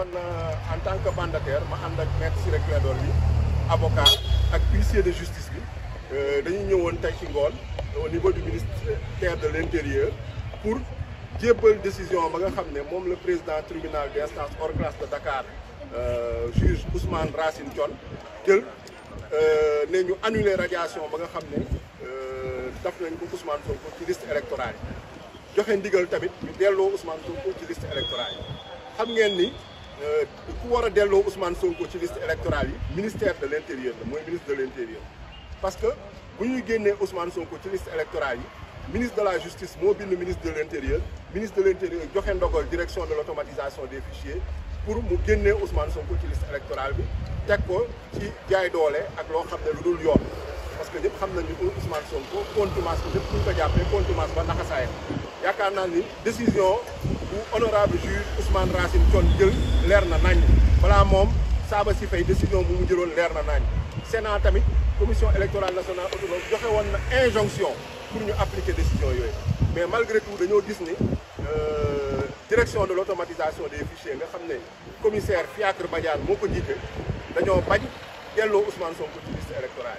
man euh, en tant que mandataire ma and ak maître Ciré Clédor avocat ak huissier de justice bi euh, dañuy ñëwone tay ci ngol au niveau du ministère de l'intérieur pour jébbal décision ba nga xamné mom le président tribunal d'instance hors classe de Dakar euh, juge Ousmane Racine Thion jël euh ñu annuler radiation ba nga xamné euh daf nañ ko Ousmane Sonko ci liste électorale yi joxe ndigal tamit ñu Ousmane Sonko ci liste électorale xam ngeen ni le euh, pouvoir a delloo Ousmane Sonko ci liste électorale ministère de l'intérieur le ministre de l'intérieur parce que vous ñuy génnee Ousmane son ci liste électorale ministre de la justice le ministre de l'intérieur ministre de l'intérieur intérieur joxe direction de l'automatisation des fichiers pour mu Ousmane son ci liste électorale bi qui ko ci jaay de ak loo xam ne parce que si xam nañu ni Ousmane Sonko contumace ko ñëpp ñu ko jàppee contumace ba yaakaar ni décision honorable juge Ousmane Racine Ton jël l'air na nañ balaa moom si fay décision bu mu jëloon l'air na Sénat tamit commission électorale nationale autonome joxe injonction pour ñu appliquer décision mais malgré tout nous gis ni euh, direction de l'automatisation des fichiers nga xamné commissaire Fiacre Badiane moko ko jiite bañ dello Ousmane Sonko ci liste électorale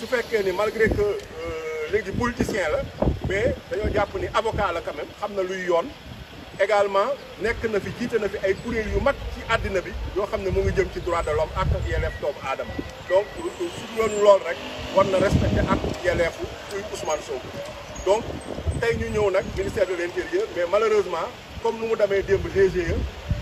su fekkee ni malgré que euh, léegi politicien là, mais y a ni avocat là quand même xam na luy yoon également nekk na fi jiite na fi ay kuréel yu mat ci àddina bi yoo xam ne mu ngi jëm ci droit de l'homme ak yelleef doomu aadama donc su doon lool rek war na respecter ak yelleefu kuy Ousmane Sonko donc tey ñu ñëw nag ministère de l'intérieur mais malheureusement comme nous mu demee démb DGE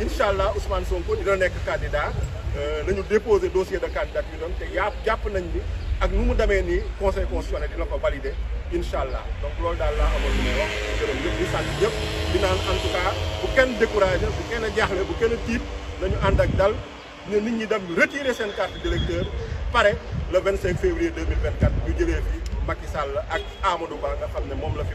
Inch'Allah, Ousmane Sonko il est candidat euh, déposons le dossier de candidature am te yaa jàpp nañ ni ak nu mu conseil constitutionnel qui ko valider inchallah donc l'ordre à la amoon lu may wax gërëm di en tout cas bu kenn découragé bu kenn diable, bu kenn tiit nous ànd dal avons nit ñi dem retirer seen carte le 25 février 2024 Nous jëlee fi Macky Sall ak Amadou Ba nga xam ne la fi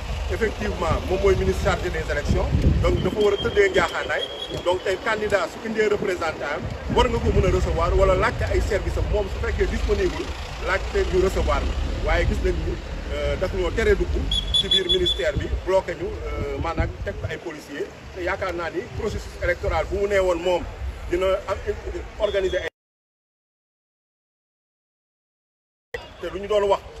effectivement mon mooy ministre chargé des élections donc dafa war a tëddee njaaxaanaay donc tey candidat qu'il est représentant voilà war nga ko mën recevoir wala laajte ay service am moom su fekkee disponible laajte ñu recevoir ouais waaye gis nañ ñu euh, daf ñoo tere dugg ci biir ministère bi bloqué ñu euh, maanaam teg ay policiers té yaakaar naa ni processus électoral bu mu nee mom dina am organiser té lu ñu doon wax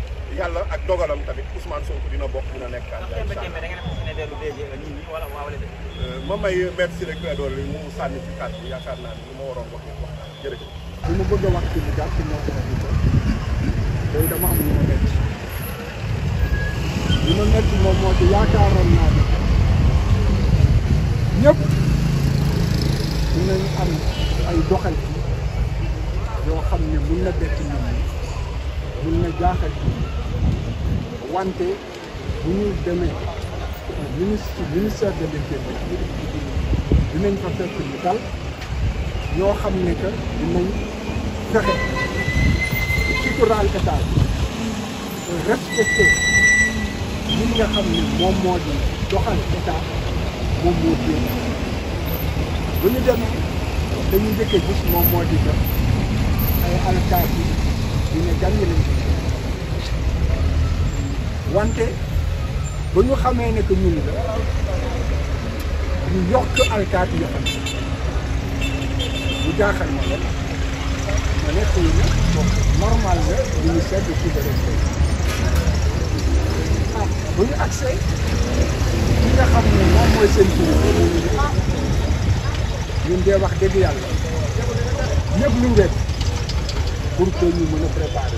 yàlla ak dogalam tamit Ousmane Sonko dina bokk dina nekk candidat incha allah euh, euh, ma may maître Ciré Clédor Ly mu sànni ci kàddu bi yaakaar naa ni li ma waroon wax ni wax bëgg a wax ci lu jàpp ci ñoom sama dama am lu ma métti li moom moo ci yaakaaroon naa ne ñëpp dinañ am ay doxal yoo xam ne mun na bett nit ñi mun na jaaxal nit wante bu ñu demee ministre ministère de dinañ fa fekk ñu dal ñoo xam ne que dinañ fexe suturaal état bi respecté li nga xam ne moom moo di doxal état moom moo jéem bu ñu demee dañu njëkkee gis moom moo di def ay alkaati yi ne gan wante ba ñu xamee ne que ñun ñu yokk alkaati yoo xam ñu jaaxal ma la ma ne xëy na bon normal la ministère de souveraineté ah bu ñu accès nga xam ne moom mooy seen kii ah ñun dee wax dëgg yàlla ñëpp lu ñu mën a préparer.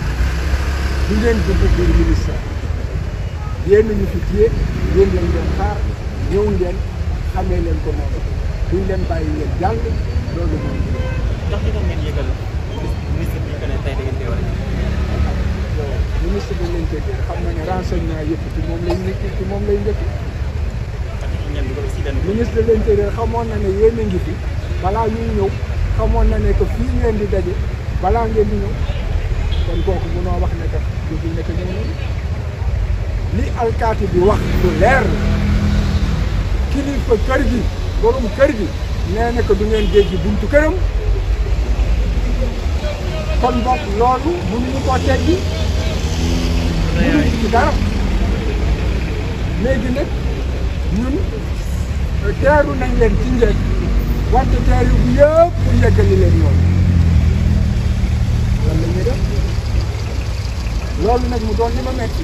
du ngeen dugg biir ministère yéen ñu fi téye yéen lañ leen xaar ñëw ngeen xamee leen ko moom duñ leen bàyyi ngeen jàng loolu moom. ndax dina ministre bi que ne a ministre yëpp moom lay nekk ci moom xamoon na ne yéen a ngi fi balaa ñuy ñëw xamoon na ne ko fii ngeen di daje balaa ngeen di ñëw. kon kooku munoo wax ne kat du fi nekk ñëw noonu li alkaati bi wax lu leer kilifa kër gi borom ko du ngeen dégg buntu këram kon boog ñun teeru nañ leen ci njëkk wante teeru bu yëpp pour yëggali leen yoon lan la def loolu nag mu doon li ma metti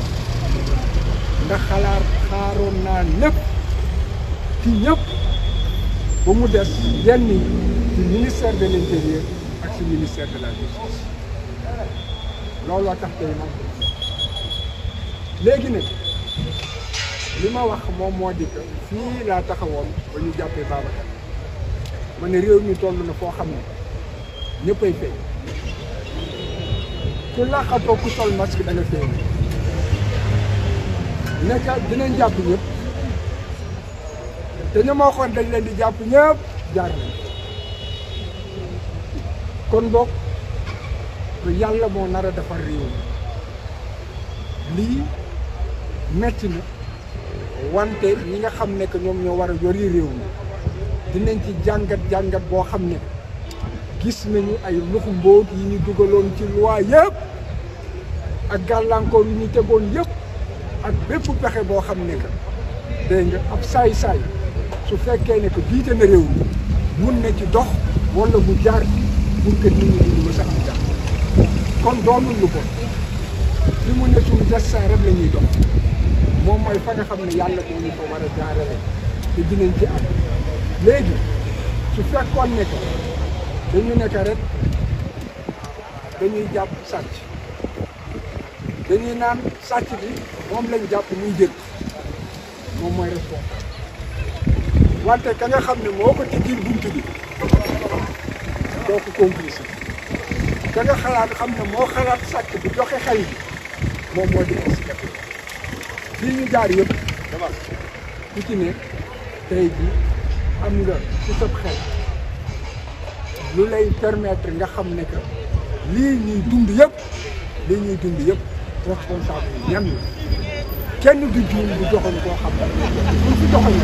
ndax xalaat xaaroon naa lépp ci ñépp ba mu des yenn yi ci ministère de l'intérieur ak ci ministère de la justice looloo tax tey ma léegi nag li ma wax moom moo di que fii laa taxawoon ba ñu jàppee Babacar ma ne réew mi toll na foo xam ne ñëppay fay ku làqatoo ku sol masque da nga feeñ nekka jàpp ñépp te ñu moo xoon dañ leen di jàpp ñëpp jaar kon boog lu yàlla moo nar a defar réew lii metti na wante ñi nga xam ne que ñoom ñoo war a yori réew mi dinañ ci jàngat jàngat boo xam ne gis nañu ay luxu mbóot yi ñu dugaloon ci loi yëpp ak gàllankoor yu ñu tegoon yépp ak bépp pexe boo xam ne que nga ab saay-saay su fekkee ne que jiite na réew mi mun na ci dox wala bu jaar pour que nit li mu ne suñu destin rek la ñuy dox moom mooy fa nga xam ne yàlla moo ñu ko war a jaarale te dinañ ci am léegi su fekkoon ne dañu nekk rek dañuy jàpp sàcc dañuy naan sàcc bi moom lañ jàpp muy jël moom mooy responsable wante ka nga xam ne moo ko tijjil bunt bi doo ko complice ka nga xalaat xam ne moo xalaat sàcc bu joxe xay bi moom moo di expliqué fii ñu jaar yëpp dama ci ne tey bi am nga ci xel lu lay permettre nga xam ne lii ñuy dund yëpp lii ñuy dund yëpp responsable ñan la kenn du juum du joxoñ koo xam ne buñ ci joxoñ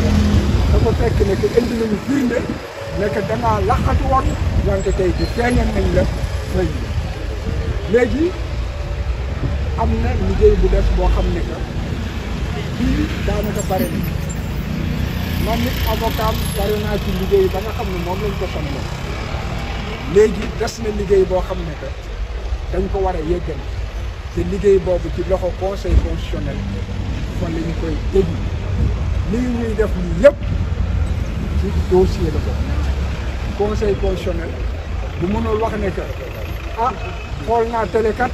la léegi am na liggéey bu des boo xam ne que bii daanaka pare na man nit avocat naa ci liggéey ba xam ne moom lañ ko sonaloon léegi des na liggéey boo xam ne que dañ ko war a yeggal te liggéey boobu ci loxo conseil constitutionnel fan la ñu koy ñuy def yëpp ci dossier la boobu conseil constitutionnel bu mënul wax ne que ah xool naa télékat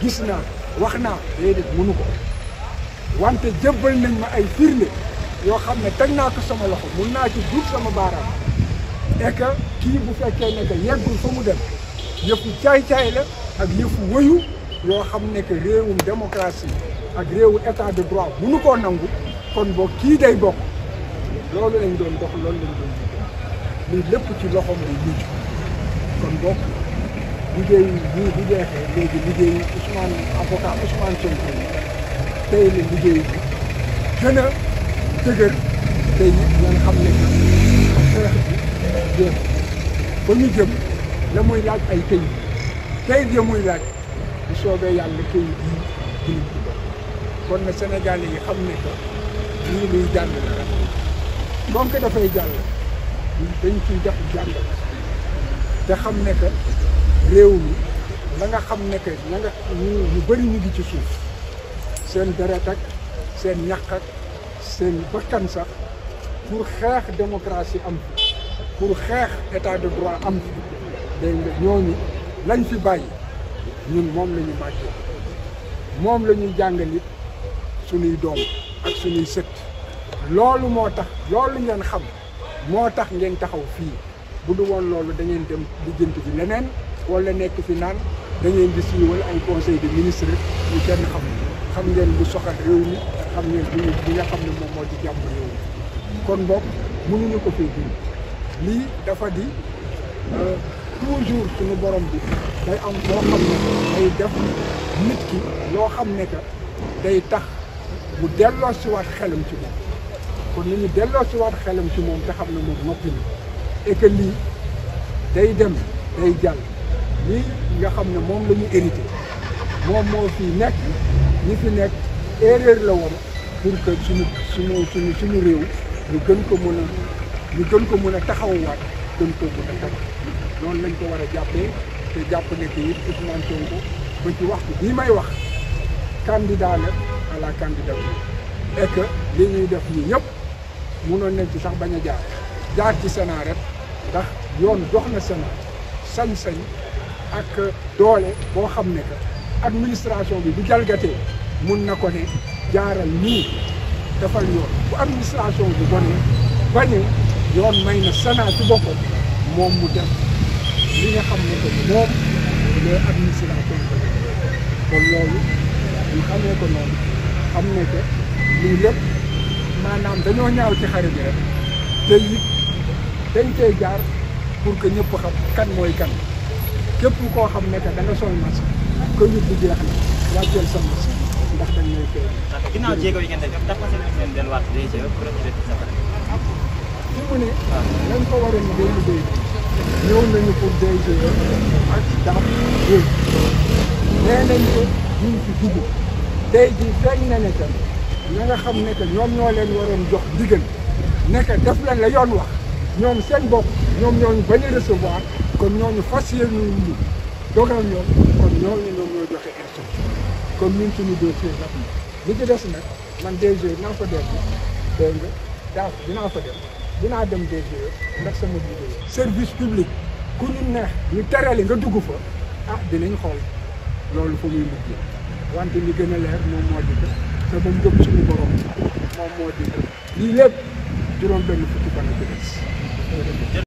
gis naa wax naa déedéet mënu ko wante jëbbal nañ ma ay firnde yoo xam ne teg naa ko sama loxo mun naa ci duut sama baaraam et kii bu fekkee ne que yeggul fa mu dem yëfu caay-caay la ak yëfu wëyu yoo xam ne que réewum démocratie ak réewu état de droit munu koo nangu kon boo kii day bokk loolu lañ doon dox loolu lañ doon lii lépp ci loxoom la mujj kon bokk liggéey bii bu jeexee léegi liggéey Ousmane avocat Ousmane Sonko tey la liggéey bi gën a dëgër tey ngeen xam ne jeex ba ñu jëm la muy laaj ay këyit këyit ya muy laaj bu soobee yàlla këyit yi dinañ ko doon kon na Sénégal yi xam ne que lii luy jàll la rek moom que dafay jàll dañ ciy def jàll te xam ne que réew mi la nga xam ne que la nga ñu ñu bëri ñu ngi ci suuf seen deret ak seen ñaq ak seen bakkan sax pour xeex démocratie am pour xeex état de droit am fi dégg nga ñooñu lañ fi bàyyi ñun moom lañuy ñu màggee moom la ñuy jàngal it suñuy doom ak suñuy sët loolu moo tax yoon loolu ngeen xam moo tax ngeen taxaw fii bu du woon loolu da dem lijjanti bi leneen walla nekk fi naan da gis di siiwal ay conseil de ministre ñu kenn xam xam ngeen bu soxal réew mi xam ngeen bi nga xam ne moom moo ci jàmm réew mi kon boog mënuñu ko fii lii dafa di toujours suñu borom bi day am loo xam ne day def nit ki loo xam ne que day tax bu delloo si waat xelam ci moom kon ni ñu delloo si waat xelam ci moom te xam ne moom noppi na et que lii day dem day jàll lii nga xam ne moom la ñu hérité moom moo fi nekk ñi fi nekk erreur la woon pour que suñu suñu suñu suñu réew ñu gën ko mën a ñu gën ko mun a taxawwaat gën ko mun a loolu lañ ko war a jàppee te jàpp ne que it Ousmane ba ci waxtu bii may wax candidat la à la candidature et li ñuy def ñi ñëpp munoon nañ ci sax bañ a jaar jaar ci Sénat rek ndax yoon dox na Sénat sañ-sañ ak doole boo xam ne que administration bi du jalgatee mun na ko ne jaaral nii defal yoon bu administration bi bonee bañee yoon may na Sénat ci boppam moom mu def li nga xam ne que moom les administrateurs kon loolu ñu xam ne que lii lépp maanaam dañoo ñaaw ci xarit bi rek te it jaar pour que ñëpp xam kan mooy kan képp koo xam ne que da nga sol masque que ñu bu jeex na wàcceel sa masque ndax dañ lay fay. ginnaaw jéego yi ngeen fi mu ne lañ ah, ko waroon béy béy ñëw nañu pour béy béy ak dara béy nee nañ ko ñu ngi ci dugg tey jii feeñ na ne tam ña nga xam ne que ñoom ñoo leen waroon jox ndigal ne def leen la yoon wax ñoom seen bopp ñoom ñoo ñu bañ kon ñoo ñu fas yéene ñu ñoom kon ñooñu ñoom ñoo joxe instruction kon ñun suñu dossier nag li ci des nag man DG naa fa dem dégg nga dinaa fa dem. dinaa dem DGE ndax sama liggéey service public ku ñu neex ñu terali nga dugg fa ah dinañ xool loolu fa muy mujj wante li gën a leer moom moo di def te moom gëm suñu borom moom moo di def lii lépp juróom benn fukki fan a